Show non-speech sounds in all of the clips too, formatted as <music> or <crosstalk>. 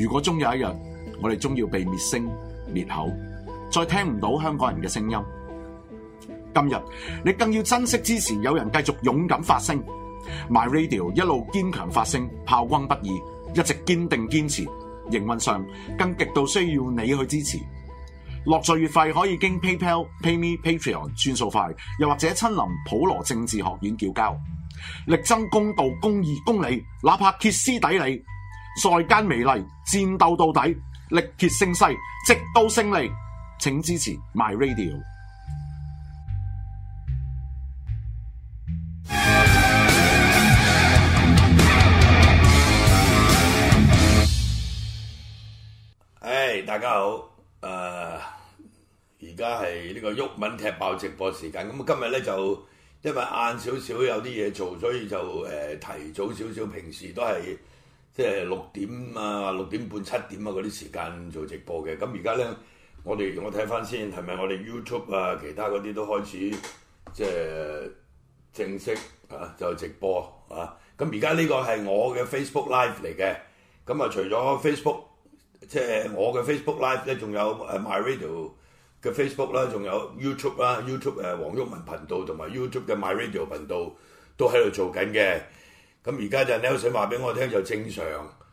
如果終有一日，我哋終要被滅聲滅口，再聽唔到香港人嘅聲音。今日你更要珍惜支持，有人繼續勇敢發聲，My Radio 一路堅強發聲，炮轟不已，一直堅定堅持。營運上更極度需要你去支持。落座月費可以經 PayPal、PayMe、Patreon y 轉數快，又或者親臨普羅政治學院叫交，力爭公道、公義、公理，公理哪怕歇斯底里。在間美麗，戰鬥到底，力竭聲嘶，直到勝利，請支持 My Radio。誒，大家好，誒，而家係呢個毓民踢爆直播時間。咁今日咧就因為晏少少有啲嘢做，所以就誒、呃、提早少少。平時都係。即係六點啊，六點半、七點啊嗰啲時間做直播嘅。咁而家咧，我哋我睇翻先係咪我哋 YouTube 啊，其他嗰啲都開始即係正式啊，就直播啊。咁而家呢個係我嘅 Facebook Live 嚟嘅。咁啊，除咗 Facebook，即係我嘅 Facebook Live 咧，仲有誒 My Radio 嘅 Facebook 啦，仲有 YouTube 啦，YouTube 誒黃毓民頻道同埋 YouTube 嘅 My Radio 頻道都喺度做緊嘅。咁而家就 Neil 話俾我聽就正常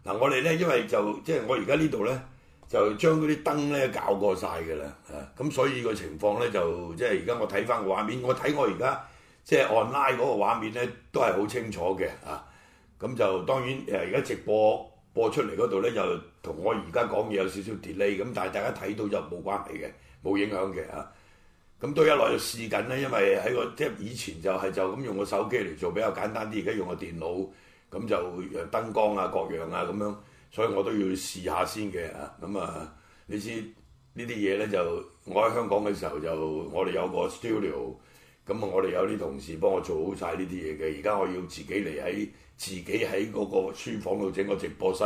嗱、啊，我哋咧因為就即係、就是、我而家呢度咧就將嗰啲燈咧搞過晒㗎啦啊，咁所以個情況咧就即係而家我睇翻個畫面，我睇我而家即係按拉嗰個畫面咧都係好清楚嘅啊。咁就當然誒，而家直播播出嚟嗰度咧，就同我而家講嘢有少少 delay 咁，但係大家睇到就冇關係嘅，冇影響嘅啊。咁都一來就試緊咧，因為喺個即係以前就係就咁用個手機嚟做比較簡單啲，而家用個電腦咁就燈光啊、各樣啊咁樣，所以我都要試下先嘅啊。咁啊，你知呢啲嘢咧就我喺香港嘅時候就我哋有個 studio，咁啊我哋有啲同事幫我做好晒呢啲嘢嘅。而家我要自己嚟喺自己喺嗰個書房度整個直播室，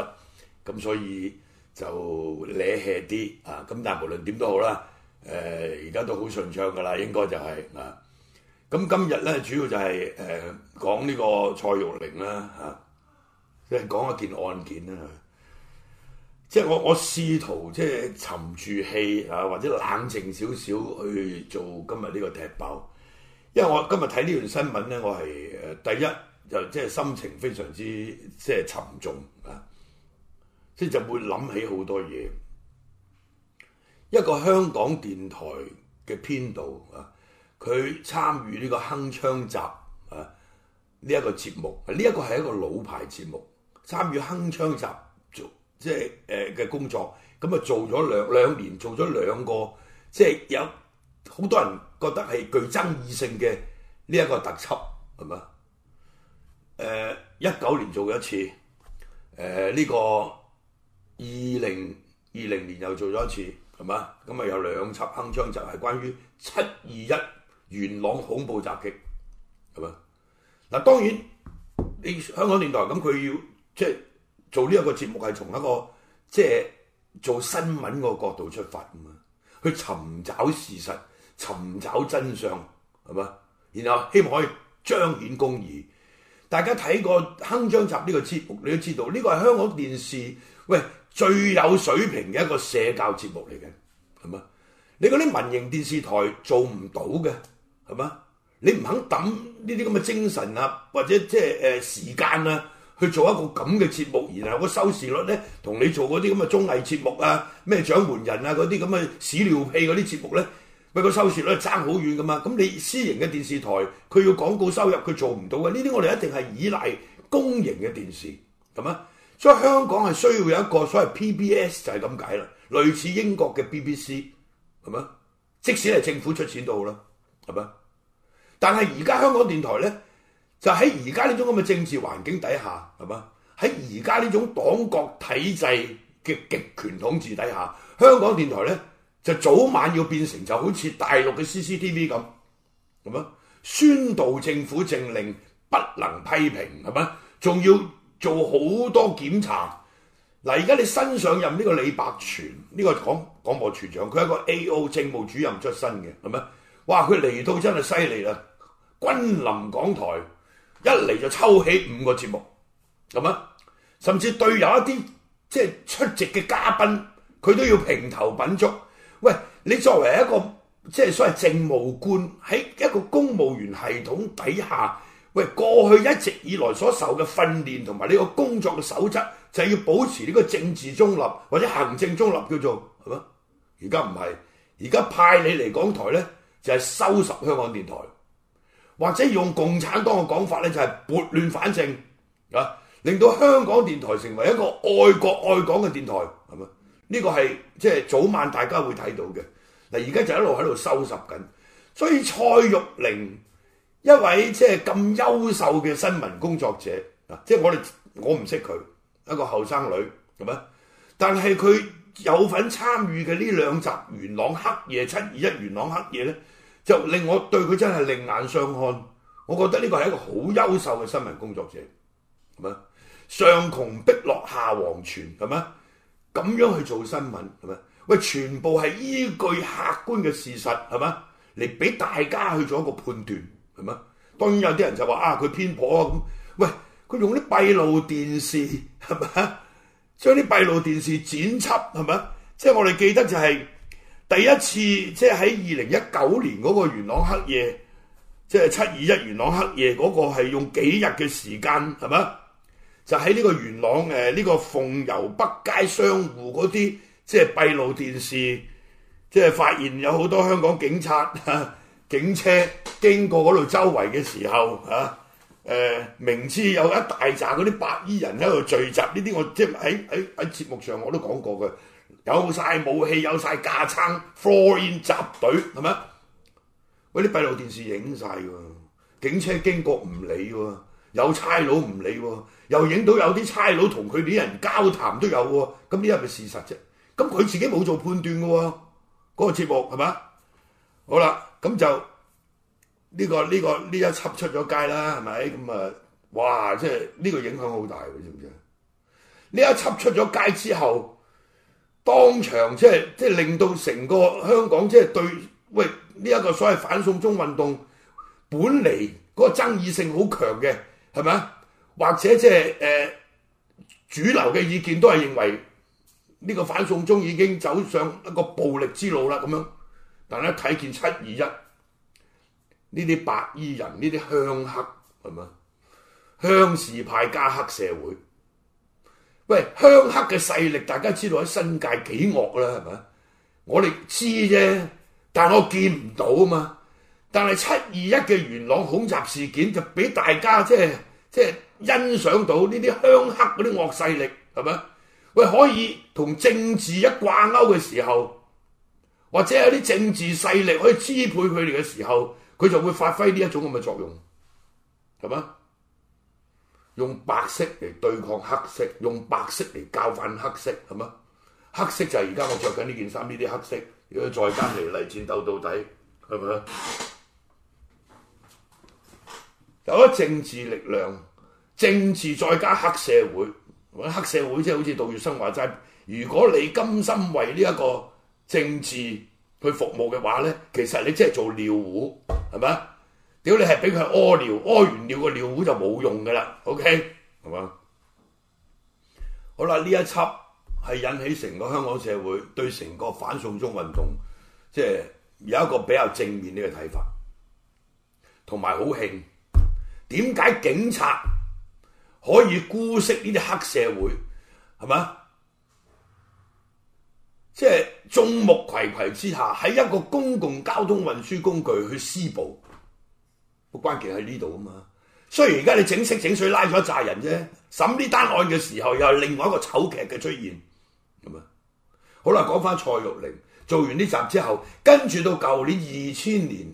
咁所以就嘜 hea 啲啊。咁但係無論點都好啦。誒而家都好順暢噶啦，應該就係、是、啊。咁今日咧，主要就係、是、誒、呃、講呢個蔡玉玲啦嚇，即、啊、係、啊、講一件案件啦、啊。即係我我試圖即係沉住氣啊，或者冷靜少少去做今日呢個踢爆。因為我今日睇呢段新聞咧，我係誒第一就即係心情非常之即係沉重啊，即係就會諗起好多嘢。一個香港電台嘅編導啊，佢參與呢個《鏗鏘集》啊呢一個節目，呢、這、一個係一個老牌節目，參與《鏗鏘集》做即係誒嘅工作，咁啊做咗兩兩年，做咗兩個即係有好多人覺得係具爭議性嘅呢一個特輯係咪啊？一九、呃、年做咗一次，誒、呃、呢、這個二零二零年又做咗一次。係嘛？咁啊有兩集《鏗鏘集》係關於七二一元朗恐怖襲擊，係嘛？嗱，當然你香港電台咁，佢要即係、就是、做呢一個節目，係從一個即係、就是、做新聞個角度出發咁啊，去尋找事實、尋找真相，係嘛？然後希望可以彰顯公義。大家睇過《鏗鏘集》呢個節目，你都知道呢個係香港電視喂。最有水平嘅一個社交節目嚟嘅，係嘛？你嗰啲民營電視台做唔到嘅，係嘛？你唔肯抌呢啲咁嘅精神啊，或者即係誒時間啊，去做一個咁嘅節目，然後收、啊啊那個收視率咧，同你做嗰啲咁嘅綜藝節目啊，咩獎門人啊嗰啲咁嘅屎尿屁嗰啲節目咧，咪個收視率爭好遠噶嘛？咁你私營嘅電視台，佢要廣告收入，佢做唔到嘅。呢啲我哋一定係依賴公營嘅電視，係嘛？所以香港係需要有一個所謂 PBS，就係咁解啦，類似英國嘅 BBC 係嘛，即使係政府出錢都好啦，係嘛？但係而家香港電台咧，就喺而家呢種咁嘅政治環境底下，係嘛？喺而家呢種黨國體制嘅極權統治底下，香港電台咧就早晚要變成就好似大陸嘅 CCTV 咁，係嘛？宣導政府政令，不能批評，係嘛？仲要，做好多檢查嗱，而家你新上任呢個李百全呢個廣廣播處長，佢係一個 A.O. 政務主任出身嘅，係咪？哇！佢嚟到真係犀利啦，君臨港台，一嚟就抽起五個節目，咁啊，甚至對有一啲即係出席嘅嘉賓，佢都要評頭品足。喂，你作為一個即係所謂政務官喺一個公務員系統底下。喂，過去一直以來所受嘅訓練同埋呢個工作嘅守則，就係要保持呢個政治中立或者行政中立，叫做係嘛？而家唔係，而家派你嚟港台咧，就係收拾香港電台，或者用共產黨嘅講法咧，就係撥亂反正啊，令到香港電台成為一個愛國愛港嘅電台，係嘛？呢個係即係早晚大家會睇到嘅。嗱，而家就一路喺度收拾緊，所以蔡玉玲。一位即係咁優秀嘅新聞工作者，啊！即係我哋我唔識佢，一個後生女，係咪？但係佢有份參與嘅呢兩集《元朗黑夜》七二一，《元朗黑夜》咧，就令我對佢真係另眼相看。我覺得呢個係一個好優秀嘅新聞工作者，係咪？上窮碧落下黃泉，係咪？咁樣去做新聞，係咪？喂，全部係依據客觀嘅事實，係咪？嚟俾大家去做一個判斷。咁啊，當然有啲人就話啊，佢偏頗啊咁。喂，佢用啲閉路電視係嘛？將啲閉路電視剪輯係咪？即係我哋記得就係第一次，即係喺二零一九年嗰個元朗黑夜，即係七二一元朗黑夜嗰個係用幾日嘅時間係嘛？就喺呢個元朗誒呢個鳳攸北街商戶嗰啲即係閉路電視，即係發現有好多香港警察。 <laughs> 警車經過嗰度周圍嘅時候，啊，誒、呃，明知有一大扎嗰啲白衣人喺度聚集，呢啲我即係喺喺喺節目上我都講過嘅，有晒武器，有晒架撐，fall in 集隊，係咪？嗰啲閉路電視影晒嘅，警車經過唔理喎，有差佬唔理喎，又影到有啲差佬同佢啲人交談都有喎，咁呢啲係咪事實啫？咁佢自己冇做判斷嘅喎，嗰、嗰個節目係咪？好啦。咁就呢個呢個呢一輯出咗街啦，係咪？咁啊，哇！即係呢個影響好大你知唔知啊？呢一輯出咗街之後，當場即係即係令到成個香港即係對喂，呢一個所謂反送中運動，本嚟嗰個爭議性好強嘅，係咪啊？或者即係誒主流嘅意見都係認為呢個反送中已經走上一個暴力之路啦，咁樣。但係睇見七二一呢啲白衣人呢啲鄉黑係嘛？鄉事派加黑社會。喂，鄉黑嘅勢力大家知道喺新界幾惡啦係咪？我哋知啫，但我見唔到啊嘛。但係七二一嘅元朗恐襲事件就俾大家即係即係欣賞到呢啲鄉黑嗰啲惡勢力係咪？喂，可以同政治一掛鈎嘅時候。或者有啲政治勢力可以支配佢哋嘅時候，佢就會發揮呢一種咁嘅作用，係嘛？用白色嚟對抗黑色，用白色嚟教訓黑色，係嘛？黑色就係而家我着緊呢件衫呢啲黑色，如果再加嚟嚟戰鬥到底，係咪？ <laughs> 有咗政治力量，政治再加黑社會，黑社會即係好似杜月笙話齋，如果你甘心為呢一個政治去服務嘅話咧，其實你即係做尿壺，係咪？屌你係俾佢屙尿，屙完尿個尿壺就冇用噶啦，OK 係嘛？好啦，呢一輯係引起成個香港社會對成個反送中運動，即係有一個比較正面呢嘅睇法，同埋好慶點解警察可以姑息呢啲黑社會，係嘛？即係。眾目睽睽之下，喺一個公共交通運輸工具去施暴，個關鍵喺呢度啊嘛！雖然而家你整色整水拉咗一紮人啫，審呢單案嘅時候又係另外一個醜劇嘅出現，咁啊！好啦，講翻蔡玉玲做完呢集之後，跟住到舊年二千年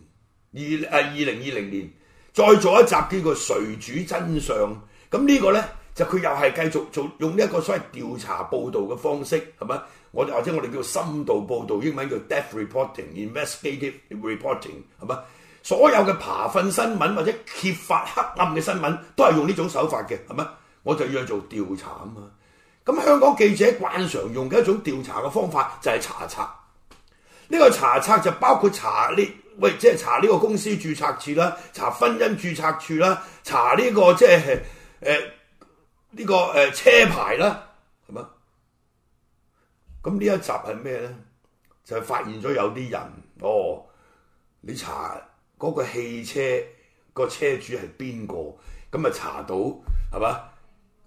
二誒二零二零年，再做一集叫做《誰主真相》。咁、這個、呢個咧就佢又係繼續做用呢一個所謂調查報道嘅方式，係咪？我或者我哋叫深度報導，英文叫 depth reporting、investigative reporting，係咪？所有嘅扒糞新聞或者揭發黑暗嘅新聞，都係用呢種手法嘅，係咪？我就要做調查啊嘛。咁香港記者慣常用嘅一種調查嘅方法就係、是、查冊。呢、這個查冊就包括查呢，喂，即、就、係、是、查呢個公司註冊處啦，查婚姻註冊處啦，查呢、這個即係誒呢個誒、呃、車牌啦。咁呢一集係咩咧？就係發現咗有啲人哦，你查嗰個汽車個車主係邊個？咁啊查到係嘛？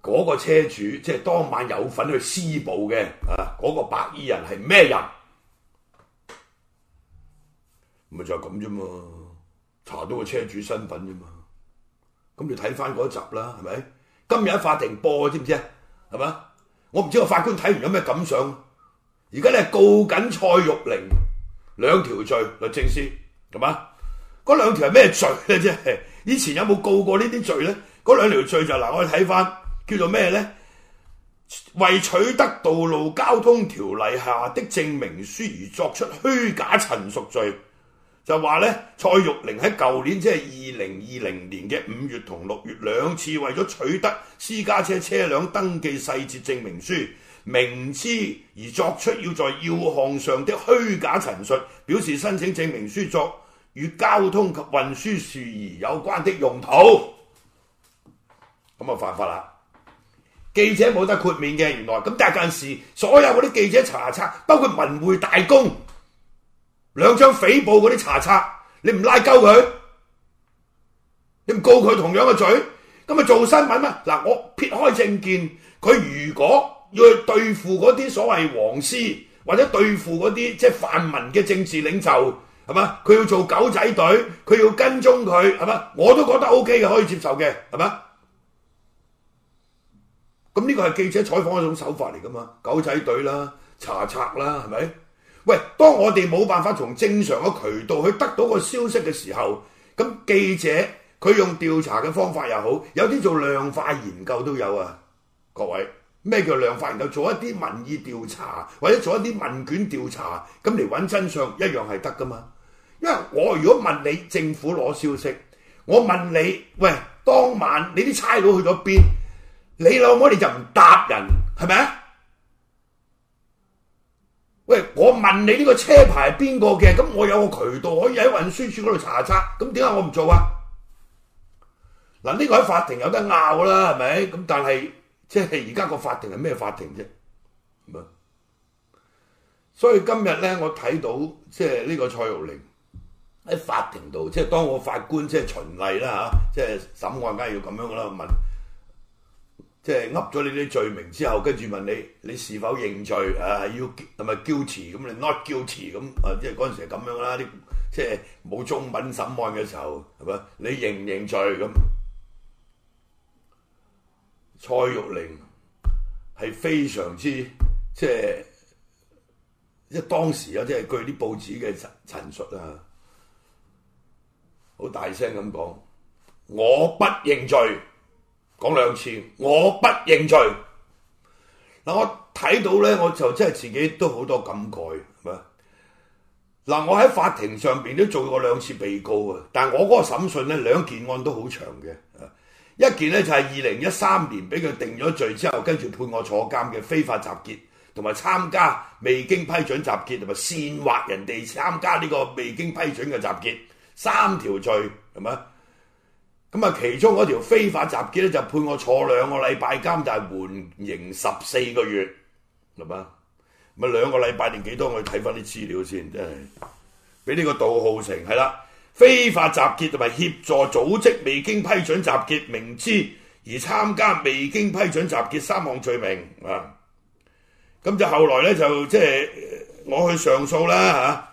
嗰個車主即係當晚有份去施暴嘅啊？嗰個白衣人係咩人？咪 <laughs> 就係咁啫嘛，查到個車主身份啫嘛。咁你睇翻嗰一集啦，係咪？今日喺法庭播，知唔知啊？係嘛？我唔知個法官睇完有咩感想。而家你告緊蔡玉玲兩條罪，律政司，係嘛？嗰兩條係咩罪咧？即係，以前有冇告過呢啲罪咧？嗰兩條罪就嗱、是，我哋睇翻叫做咩咧？為取得道路交通條例下的證明書而作出虛假陳述罪，就話咧蔡玉玲喺舊年即係二零二零年嘅五月同六月兩次為咗取得私家車車輛登記細節證明書。明知而作出要在要項上的虛假陳述，表示申請證明書作與交通及運輸事宜有關的用途，咁啊犯法啦！記者冇得豁免嘅，原來咁第一件事，所有嗰啲記者查冊，包括文匯大公兩張匪報嗰啲查冊，你唔拉鳩佢，你唔告佢同樣嘅罪，咁啊做新聞咩？嗱，我撇開政見，佢如果，要去對付嗰啲所謂黃絲，或者對付嗰啲即係泛民嘅政治領袖，係嘛？佢要做狗仔隊，佢要跟蹤佢，係嘛？我都覺得 OK 嘅，可以接受嘅，係嘛？咁呢個係記者採訪一種手法嚟㗎嘛，狗仔隊啦、啊、查冊啦、啊，係咪？喂，當我哋冇辦法從正常嘅渠道去得到個消息嘅時候，咁記者佢用調查嘅方法又好，有啲做量化研究都有啊，各位。咩叫量法人？然後做一啲民意調查，或者做一啲問卷調查，咁嚟揾真相一樣係得噶嘛？因為我如果問你政府攞消息，我問你喂當晚你啲差佬去咗邊？你老母你就唔答人係咪？喂，我問你呢個車牌係邊個嘅？咁我有個渠道可以喺運輸處嗰度查冊，咁點解我唔做啊？嗱，呢個喺法庭有得拗啦，係咪？咁但係，即係而家個法庭係咩法庭啫？啊，所以今日咧，我睇到即係呢個蔡玉玲喺法庭度，即係當我法官，即係循例啦嚇、啊，即係審案梗係要咁樣啦，問即係噏咗你啲罪名之後，跟住問你你是否認罪啊？要係咪 guilty 咁，係咪 guilty, 你 not guilty 咁啊？即係嗰陣時係咁樣啦，啲即係冇中文審案嘅時候，係咪？你認唔認罪咁？蔡玉玲係非常之即係，即係當時啊，即係據啲報紙嘅陳陳述啊，好大聲咁講，我不認罪，講兩次，我不認罪。嗱，我睇到咧，我就真係自己都好多感慨。係嘛。嗱，我喺法庭上邊都做過兩次被告啊，但係我嗰個審訊咧，兩件案都好長嘅。一件咧就係二零一三年俾佢定咗罪之後，跟住判我坐監嘅非法集結，同埋參加未經批准集結，同埋煽惑人哋參加呢個未經批准嘅集結，三條罪係嘛？咁啊，其中嗰條非法集結咧就判我坐兩個禮拜監，就係、是、緩刑十四個月，係嘛？咪兩個禮拜定幾多？我睇翻啲資料先，真係俾呢個杜浩成係啦。非法集結同埋協助組織未經批准集結，明知而參加未經批准集結三項罪名啊！咁就後來咧就即係、就是、我去上訴啦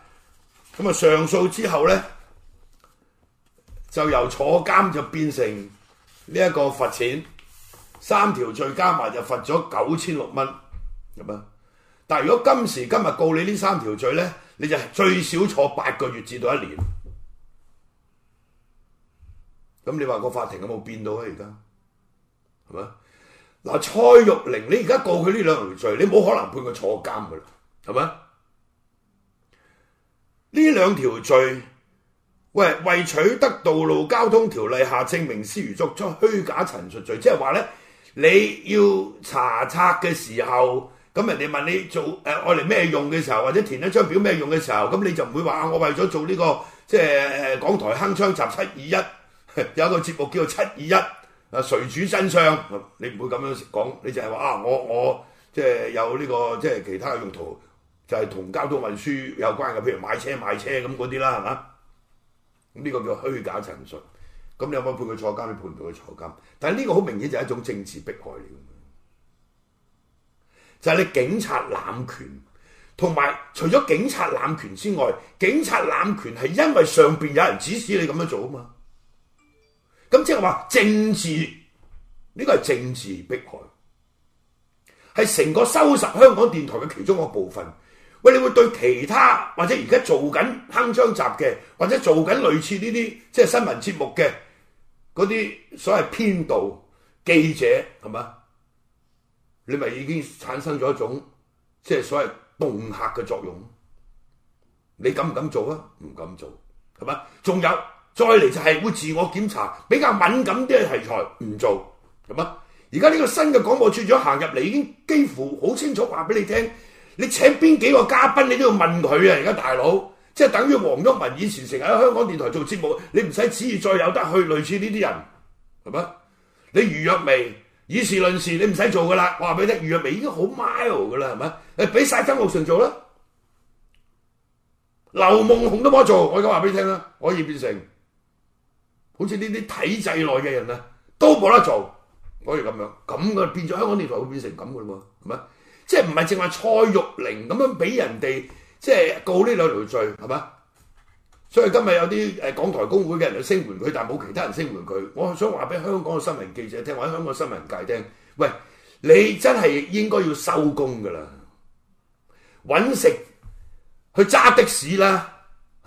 吓，咁啊就上訴之後咧就由坐監就變成呢一個罰錢，三條罪加埋就罰咗九千六蚊咁啊！但係如果今時今日告你三條呢三條罪咧，你就最少坐八個月至到一年。咁你話個法庭有冇變到啊？而家係咪？嗱，蔡玉玲，你而家告佢呢兩條罪，你冇可能判佢坐監噶啦，係咪？呢兩條罪，喂，為取得道路交通條例下證明書而作出虛假陳述罪，即係話咧，你要查冊嘅時候，咁人哋問你做誒愛嚟咩用嘅時候，或者填一張表咩用嘅時候，咁你就唔會話啊，我為咗做呢個即係誒港台鏗鏘集七二一。有一個節目叫做《七二一》，啊，誰主真相？你唔會咁樣講，你就係話啊，我我即係、就是、有呢、這個即係、就是、其他用途，就係同交通運輸有關嘅，譬如買車買車咁嗰啲啦，係嘛？呢、這個叫虛假陳述。咁你有冇判佢坐監？你有冇判唔判佢坐監？但係呢個好明顯就係一種政治迫害嚟嘅，就係、是、你警察濫權，同埋除咗警察濫權之外，警察濫權係因為上邊有人指使你咁樣做啊嘛。咁即係話政治，呢個係政治迫害，係成個收拾香港電台嘅其中一個部分。喂，你會對其他或者而家做緊鏗鏘集嘅，或者做緊類似呢啲即係新聞節目嘅嗰啲所謂編導記者係嘛？你咪已經產生咗一種即係所謂恫嚇嘅作用。你敢唔敢做啊？唔敢做係嘛？仲有。再嚟就係會自我檢查比較敏感啲嘅題材唔做，係嘛？而家呢個新嘅廣播處長行入嚟已經幾乎好清楚話俾你聽，你請邊幾個嘉賓，你都要問佢啊！而家大佬即係等於黃毓民以前成日喺香港電台做節目，你唔使旨意，再有得去類似呢啲人，係嘛？你余若薇以事論事，你唔使做噶啦，我話俾你聽，余若薇已經好 mild 噶啦，係咪？你俾晒曾浩成做啦，劉夢紅都冇得做，我而家話俾你聽啦，可以變成。好似呢啲體制內嘅人啊，都冇得做，可以咁樣，咁嘅變咗香港電台會變成咁嘅咯？係咪？即係唔係淨係蔡玉玲咁樣俾人哋即係告呢兩條罪係咪？所以今日有啲誒、呃、港台工會嘅人去聲援佢，但係冇其他人聲援佢。我想話俾香港嘅新聞記者聽，或者香港嘅新聞界聽，喂，你真係應該要收工㗎啦，揾食去揸的士啦。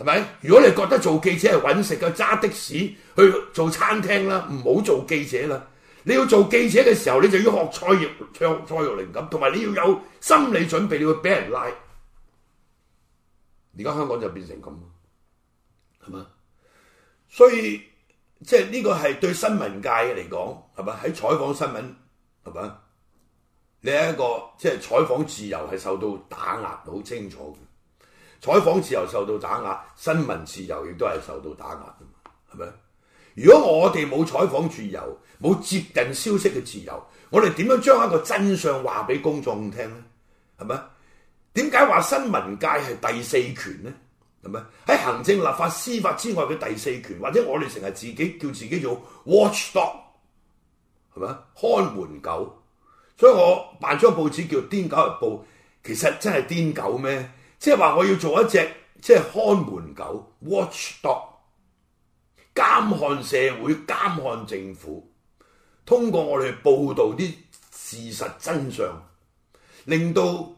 係咪？如果你覺得做記者係揾食嘅，揸的士去做餐廳啦，唔好做記者啦。你要做記者嘅時候，你就要學蔡玉、蔡蔡玉玲咁，同埋你要有心理準備，你會俾人拉。而家香港就變成咁，係嘛？所以即係呢個係對新聞界嚟講，係咪？喺採訪新聞，係嘛？你係一個即係採訪自由係受到打壓，好清楚嘅。採訪自由受到打壓，新聞自由亦都係受到打壓㗎嘛，係咪？如果我哋冇採訪自由，冇接近消息嘅自由，我哋點樣將一個真相話俾公眾聽咧？係咪？點解話新聞界係第四權咧？係咪？喺行政、立法、司法之外嘅第四權，或者我哋成日自己叫自己做 watchdog，係咪？看門狗。所以我辦咗張報紙叫癲狗日報，其實真係癲狗咩？即係話我要做一隻即係看門狗，watch dog，監看社會、監看政府，通過我哋報道啲事實真相，令到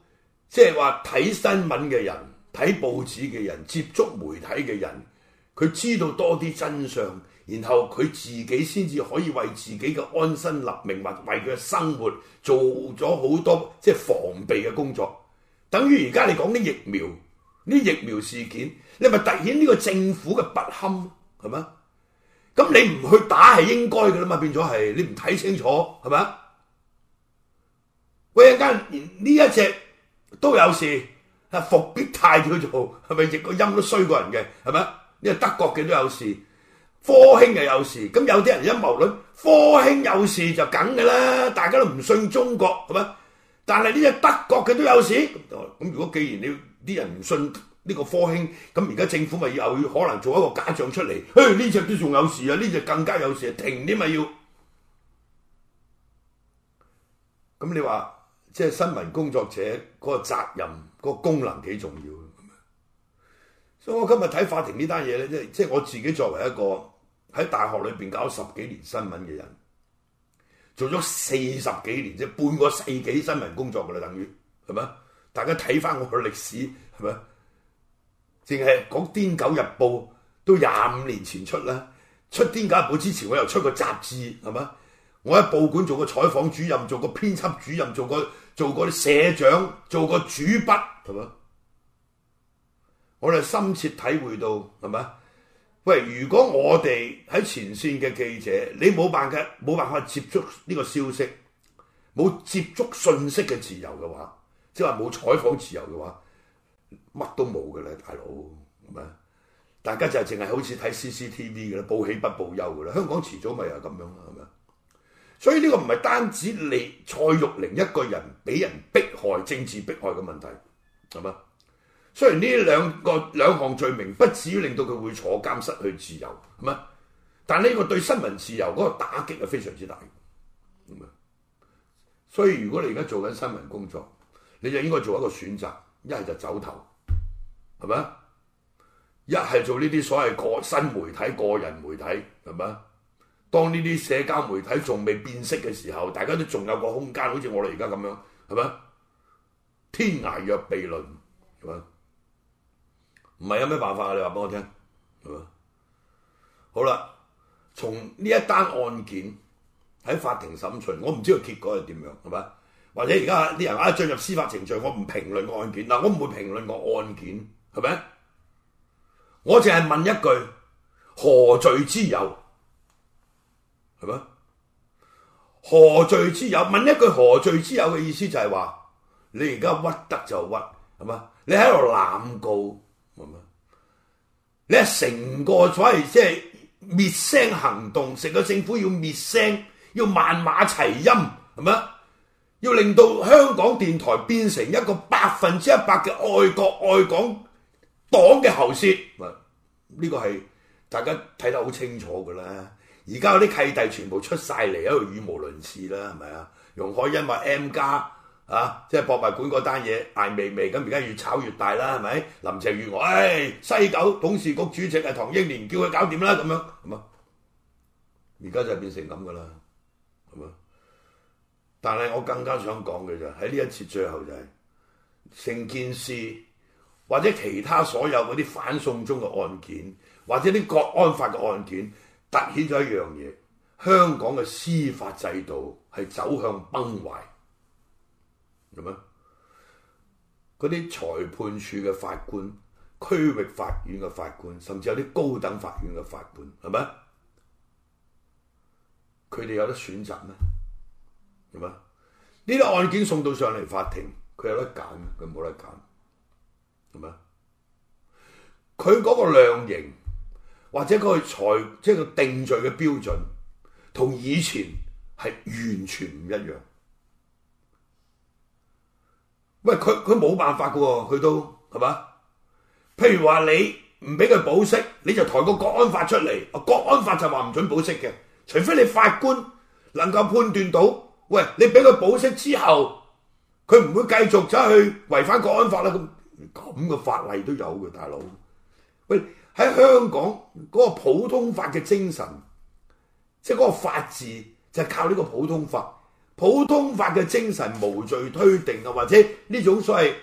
即係話睇新聞嘅人、睇報紙嘅人、接觸媒體嘅人，佢知道多啲真相，然後佢自己先至可以為自己嘅安身立命或為佢嘅生活做咗好多即係防備嘅工作。等於而家你講呢啲疫苗，啲疫苗事件，你咪突顯呢個政府嘅不堪，係咪？咁你唔去打係應該噶啦嘛，變咗係你唔睇清楚，係咪？喂，陣間呢一隻都有事，係復必泰去做，係咪？亦個音都衰過人嘅，係咪？呢個德國嘅都有事，科興又有事，咁有啲人陰謀論，科興有事就梗噶啦，大家都唔信中國，係咪？但係呢隻德國嘅都有事，咁如果既然你啲人唔信呢個科興，咁而家政府咪又要可能要做一個假象出嚟？嘿，呢隻都仲有事啊，呢隻更加有事啊，停點咪要？咁你話即係新聞工作者嗰個責任、嗰個功能幾重要？所以我今日睇法庭呢單嘢咧，即係即係我自己作為一個喺大學裏邊搞十幾年新聞嘅人。做咗四十幾年啫，即半個世紀新聞工作噶啦，等於係咪？大家睇翻我嘅歷史係咪？淨係講《癲狗日報》都廿五年前出啦。出《癲狗日報》之前，我又出過雜誌係咪？我喺報館做過採訪主任，做過編輯主任，做過做過社長，做過主筆係咪？我哋深切體會到係咪？喂，如果我哋喺前線嘅記者，你冇辦法冇辦法接觸呢個消息，冇接觸信息嘅自由嘅話，即係話冇採訪自由嘅話，乜都冇嘅啦，大佬，係咪？大家就係淨係好似睇 CCTV 嘅啦，報喜不報憂嘅啦，香港遲早咪又咁樣啦，係咪？所以呢個唔係單止你蔡玉玲一個人俾人迫害、政治迫害嘅問題，係嘛？雖然呢兩個兩項罪名不至於令到佢會坐監失去自由，咁啊，但呢個對新聞自由嗰個打擊係非常之大嘅。咁啊，所以如果你而家做緊新聞工作，你就應該做一個選擇：一係就走頭，係咪啊？一係做呢啲所謂個新媒體、個人媒體，係咪啊？當呢啲社交媒體仲未變色嘅時候，大家都仲有個空間，好似我哋而家咁樣，係咪？天涯若比鄰，係咪？唔係有咩辦法？你話俾我聽，係嘛？好啦，從呢一單案件喺法庭審訊，我唔知道結果係點樣，係咪？或者而家啲人啊進入司法程序，我唔評論個案件嗱，我唔會評論個案件，係咪？我淨係問一句：何罪之有？係咪？何罪之有？問一句何罪之有嘅意思就係、是、話，你而家屈得就屈，係嘛？你喺度濫告。係咪？你成個所謂即係滅聲行動，成個政府要滅聲，要萬馬齊喑，係咪？要令到香港電台變成一個百分之一百嘅愛國愛港黨嘅喉舌，呢個係大家睇得好清楚噶啦。而家啲契弟全部出晒嚟，喺度語無倫次啦，係咪啊？容海恩話 M+。啊！即係博物館嗰單嘢艾薇薇，咁而家越炒越大啦，係咪？林鄭月娥，哎，西九董事局主席係唐英年，叫佢搞掂啦，咁樣，係嘛？而家就變成咁噶啦，係嘛？但係我更加想講嘅就喺呢一次最後就係、是，成件事或者其他所有嗰啲反送中嘅案件，或者啲國安法嘅案件，凸顯咗一樣嘢：香港嘅司法制度係走向崩壞。咁啊！嗰啲裁判處嘅法官、區域法院嘅法官，甚至有啲高等法院嘅法官，係咪？佢哋有得選擇咩？係咪？呢啲案件送到上嚟法庭，佢有得揀，佢冇得揀，係咪？佢嗰個量刑或者佢裁，即係佢定罪嘅標準，同以前係完全唔一樣。喂，佢佢冇辦法噶喎，佢都係嘛？譬如話你唔俾佢保釋，你就抬個國安法出嚟，國安法就話唔准保釋嘅，除非你法官能夠判斷到，喂，你俾佢保釋之後，佢唔會繼續走去違反國安法啦。咁咁嘅法例都有嘅，大佬。喂，喺香港嗰個普通法嘅精神，即係嗰個法治，就係靠呢個普通法。普通法嘅精神，無罪推定啊，或者呢種所謂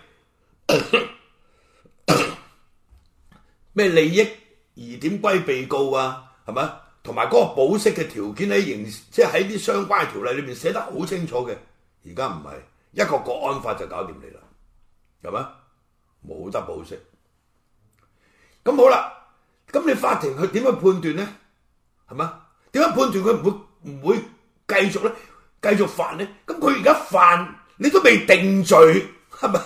咩利益疑點歸被告啊，係嘛？同埋嗰個保釋嘅條件喺刑，即係喺啲相關嘅條例裏邊寫得好清楚嘅。而家唔係一個國安法就搞掂你啦，係嘛？冇得保釋。咁好啦，咁你法庭去點樣判斷咧？係嘛？點樣判斷佢唔會唔會繼續咧？繼續犯咧，咁佢而家犯，你都未定罪，係嘛？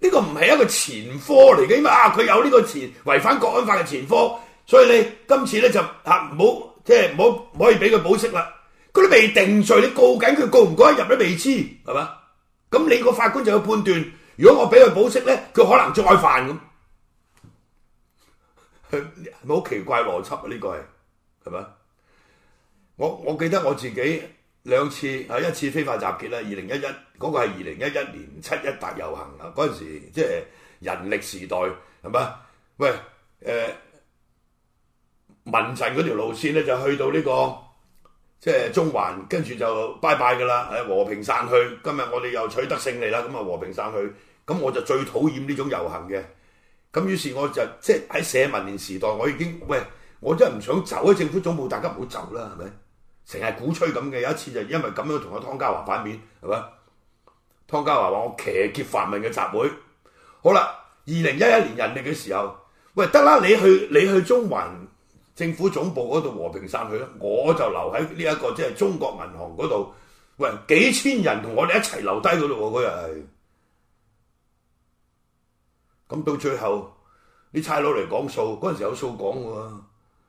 呢個唔係一個前科嚟嘅，因為啊，佢有呢個前違反國安法嘅前科，所以你今次咧就吓唔好，即係唔好唔可以俾佢保釋啦。佢都未定罪，你告緊佢，告唔告得入都未知，係嘛？咁你個法官就要判斷，如果我俾佢保釋咧，佢可能再犯咁，係咪好奇怪邏輯啊？呢個係，係嘛？我我記得我自己。兩次啊，一次非法集結啦，二零一一嗰個係二零一一年七一大遊行啊，嗰陣時即係人力時代係咪？喂，誒民陣嗰條路線咧就去到呢個即係中環，跟住就拜拜㗎啦，係和平散去。今日我哋又取得勝利啦，咁啊和平散去，咁我就最討厭呢種遊行嘅。咁於是我就即係喺社民連時代，我已經喂，我真係唔想走喺政府總部，大家唔好走啦，係咪？成日鼓吹咁嘅，有一次就因為咁樣同阿湯家驊反面，係咪？湯家驊話我騎劫泛民嘅集會，好啦，二零一一年人力嘅時候，喂得啦，你去你去中環政府總部嗰度和平散去啦，我就留喺呢一個即係、就是、中國銀行嗰度，喂幾千人同我哋一齊留低嗰度，嗰日係，咁到最後差佬嚟講數，嗰陣時有數講喎。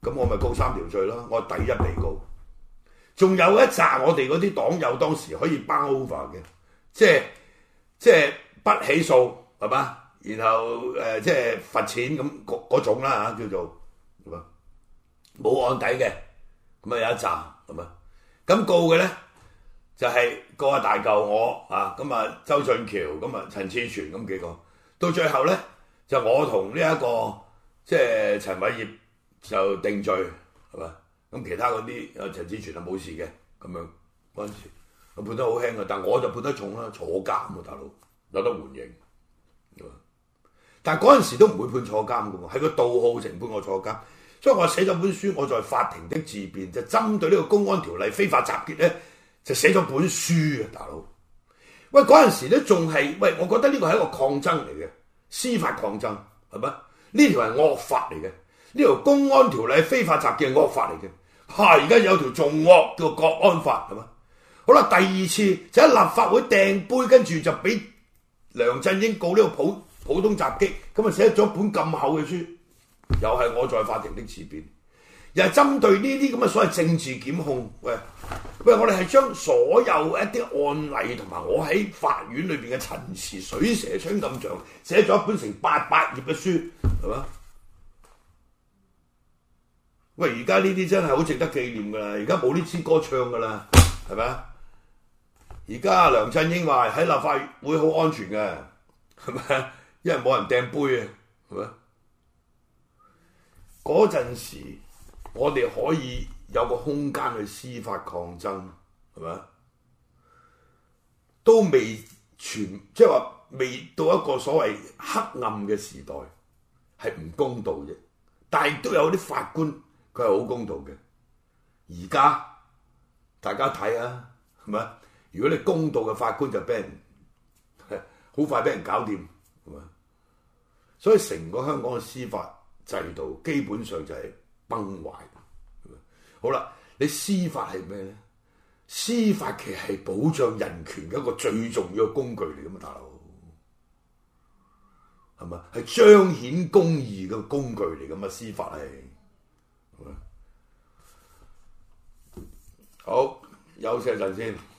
咁我咪告三條罪咯，我第一被告，仲有一紮我哋嗰啲黨友當時可以 bind over 嘅，即係即係不起訴係嘛？然後誒、呃、即係罰錢咁嗰種啦嚇、啊，叫做冇案底嘅，咁啊有一紮咁、係嘛、啊，咁告嘅咧就係告阿大舅我啊，咁啊周俊橋，咁啊陳志全咁幾個，到最後咧就我同呢一個即係、就是、陳偉業。就定罪係咪？咁其他嗰啲啊陳志全係冇事嘅，咁樣嗰陣時，判得好輕嘅，但我就判得重啦，坐監喎大佬，有得緩刑。但係嗰陣時都唔會判坐監嘅喎，係個盜號成判我坐監，所以我寫咗本書《我在法庭的自辯》，就針對呢個公安條例非法集結咧，就寫咗本書啊，大佬。喂，嗰陣時咧仲係喂，我覺得呢個係一個抗爭嚟嘅，司法抗爭係咪？呢條係惡法嚟嘅。呢條公安條例非法集結惡法嚟嘅。吓，而家有條重惡叫國安法係嘛？好啦，第二次就喺、是、立法會掟杯，跟住就俾梁振英告呢個普普，普通襲擊，咁啊寫咗本咁厚嘅書，又係我在法庭的辭辯，又係針對呢啲咁嘅所謂政治檢控嘅，喂，我哋係將所有一啲案例同埋我喺法院裏邊嘅陳詞水蛇春咁長，寫咗一本成八百頁嘅書，係嘛？喂，而家呢啲真係好值得紀念噶啦！而家冇呢支歌唱噶啦，係咪？而家梁振英話喺立法會好安全嘅，係咪？因為冇人掟杯啊，係咪？嗰陣時我哋可以有個空間去司法抗爭，係咪？都未全，即係話未到一個所謂黑暗嘅時代，係唔公道嘅。但係都有啲法官。佢係好公道嘅，而家大家睇啊，係咪？如果你公道嘅法官就俾人好快俾人搞掂，係咪？所以成個香港嘅司法制度基本上就係崩壞。好啦，你司法係咩咧？司法其實係保障人權嘅一個最重要嘅工具嚟，㗎嘛。大佬係咪？係彰顯公義嘅工具嚟，㗎嘛。司法係。好，休息一陣先。